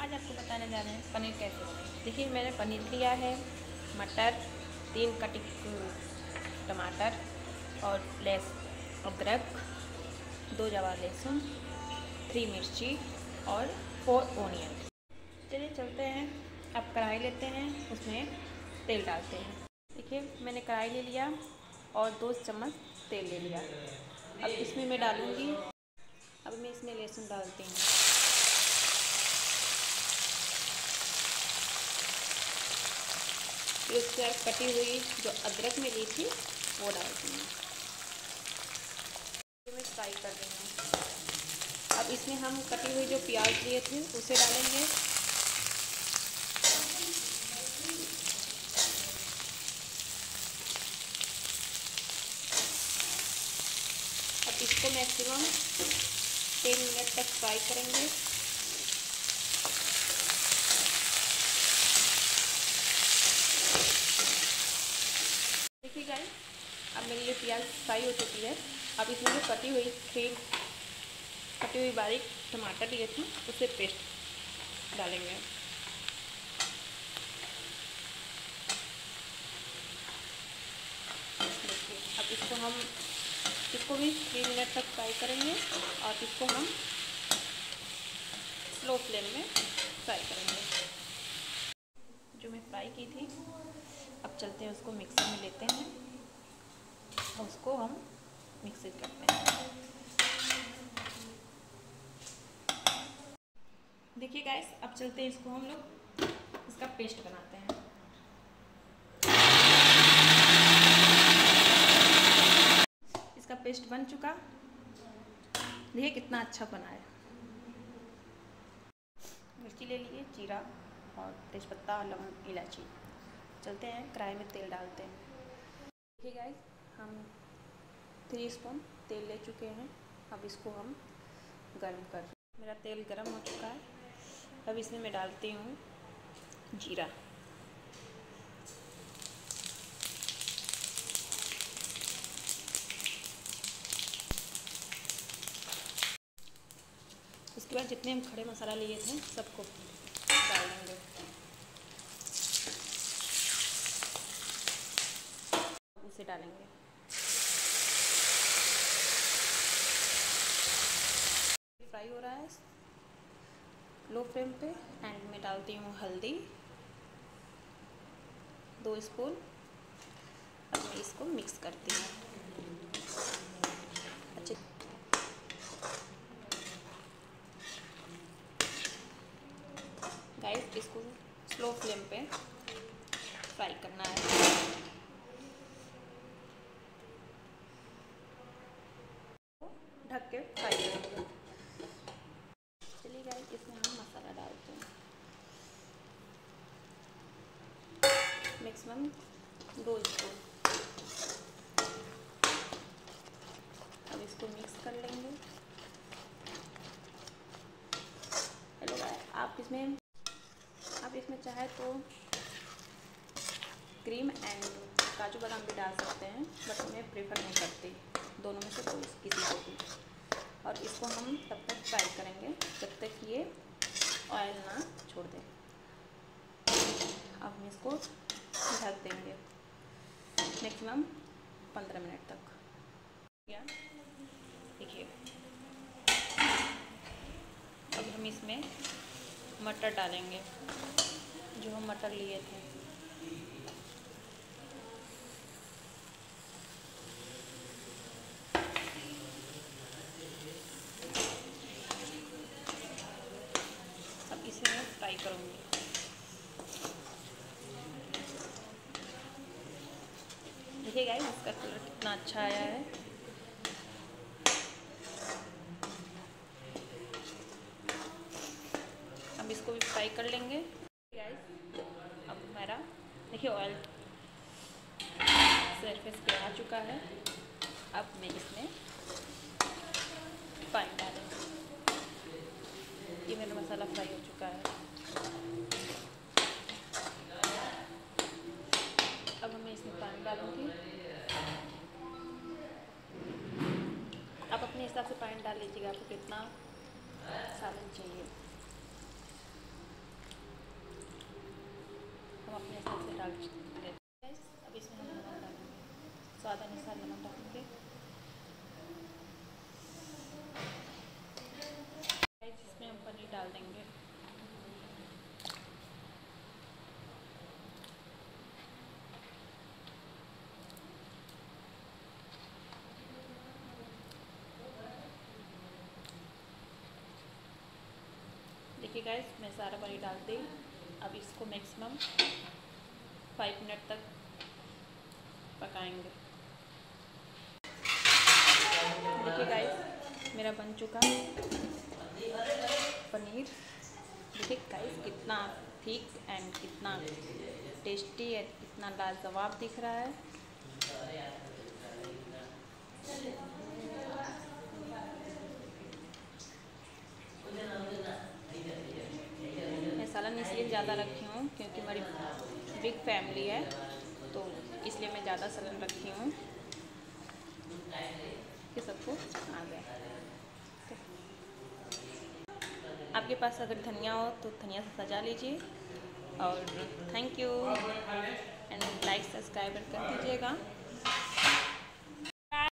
आज आपको बताने जा रहे हैं पनीर कैसे देखिए मैंने पनीर लिया है मटर तीन कटिक टमाटर और लेस अदरक दो जवा लहसुन थ्री मिर्ची और फोर ओनियन चलिए चलते हैं अब कढ़ाई लेते हैं उसमें तेल डालते हैं देखिए मैंने कढ़ाई ले लिया और दो चम्मच तेल ले लिया अब इसमें मैं डालूँगी अब मैं इसमें लहसुन डालती हूँ फिर उसके बाद कटी हुई जो अदरक में ली थी वो डाल दूँगी मैं फ्राई कर देंगे अब इसमें हम कटी हुई जो प्याज लिए थे उसे डालेंगे अब इसको मैक्सिमम तीन मिनट तक फ्राई करेंगे हो चुकी है अब इसमें जो कटी हुई थ्री कटी हुई बारीक टमाटर लिए थे उसे पेस्ट डालेंगे अब इसको हम इसको भी थ्री मिनट तक फ्राई करेंगे और इसको हम स्लो फ्लेम में फ्राई करेंगे जो मैं फ्राई की थी अब चलते हैं उसको मिक्सर में लेते हैं उसको हम मिक्सिंग करते हैं देखिए गाइस अब चलते हैं इसको हम लोग इसका पेस्ट बनाते हैं इसका पेस्ट बन चुका देखिए कितना अच्छा बना है मिर्ची ले लिए जीरा और तेज़पत्ता और लवंग इलायची चलते हैं कढ़ाई में तेल डालते हैं देखिए गाइस हम थ्री स्पून तेल ले चुके हैं अब इसको हम गर्म कर मेरा तेल गर्म हो चुका है अब इसमें मैं डालती हूँ जीरा उसके बाद जितने हम खड़े मसाला लिए थे सबको डाल देंगे उसे डालेंगे फ्राई हो रहा है लो फ्लेम पे एंड में डालती हूँ हल्दी दो स्पून अब मैं इसको मिक्स करती हूँ गाइस इसको स्लो फ्लेम पे फ्राई करना है ढक के फ्राई मैक्सिमम दो इसको अब इसको मिक्स कर लेंगे हेलो आप इसमें आप इसमें चाहे तो क्रीम एंड काजू बादाम भी डाल सकते हैं बट हमें प्रेफर नहीं करते दोनों में से कोई किसी को भी और इसको हम तब तक फ्राई करेंगे जब तक ये ऑयल ना छोड़ दें अब हम इसको ढक देंगे मैक्सिमम पंद्रह मिनट तक देखिए अब हम इसमें मटर डालेंगे जो हम मटर लिए थे देखिए गाइस इसका कलर कितना अच्छा आया है हम इसको भी फ्राई कर लेंगे गाइस अब हमारा देखिए ऑयल सरफेस पे आ चुका है अब मैं इसमें पानी डालेंगे ये मेरा मसाला फ्राई हो चुका है पानी डाल लीजिएगा आपको कितना सालन चाहिए हम अपने हिसाब से डाल देते हैं अब इसमें हम नमक डालेंगे स्वाद अनुसार नमक डालेंगे का मैं सारा पानी डाल दी अब इसको मैक्सिमम फाइव मिनट तक पकाएंगे देखिए गाइस मेरा बन चुका पनीर देखिए गाइस कितना ठीक एंड कितना टेस्टी है कितना लाजवाब दिख रहा है Thank सालन इसलिए ज़्यादा रखी हूँ क्योंकि मेरी बिग फैमिली है तो इसलिए मैं ज़्यादा सालन रखी हूँ कि सबको आ गया आपके पास अगर धनिया हो तो धनिया से सजा लीजिए और thank you and like subscribe कर दीजिएगा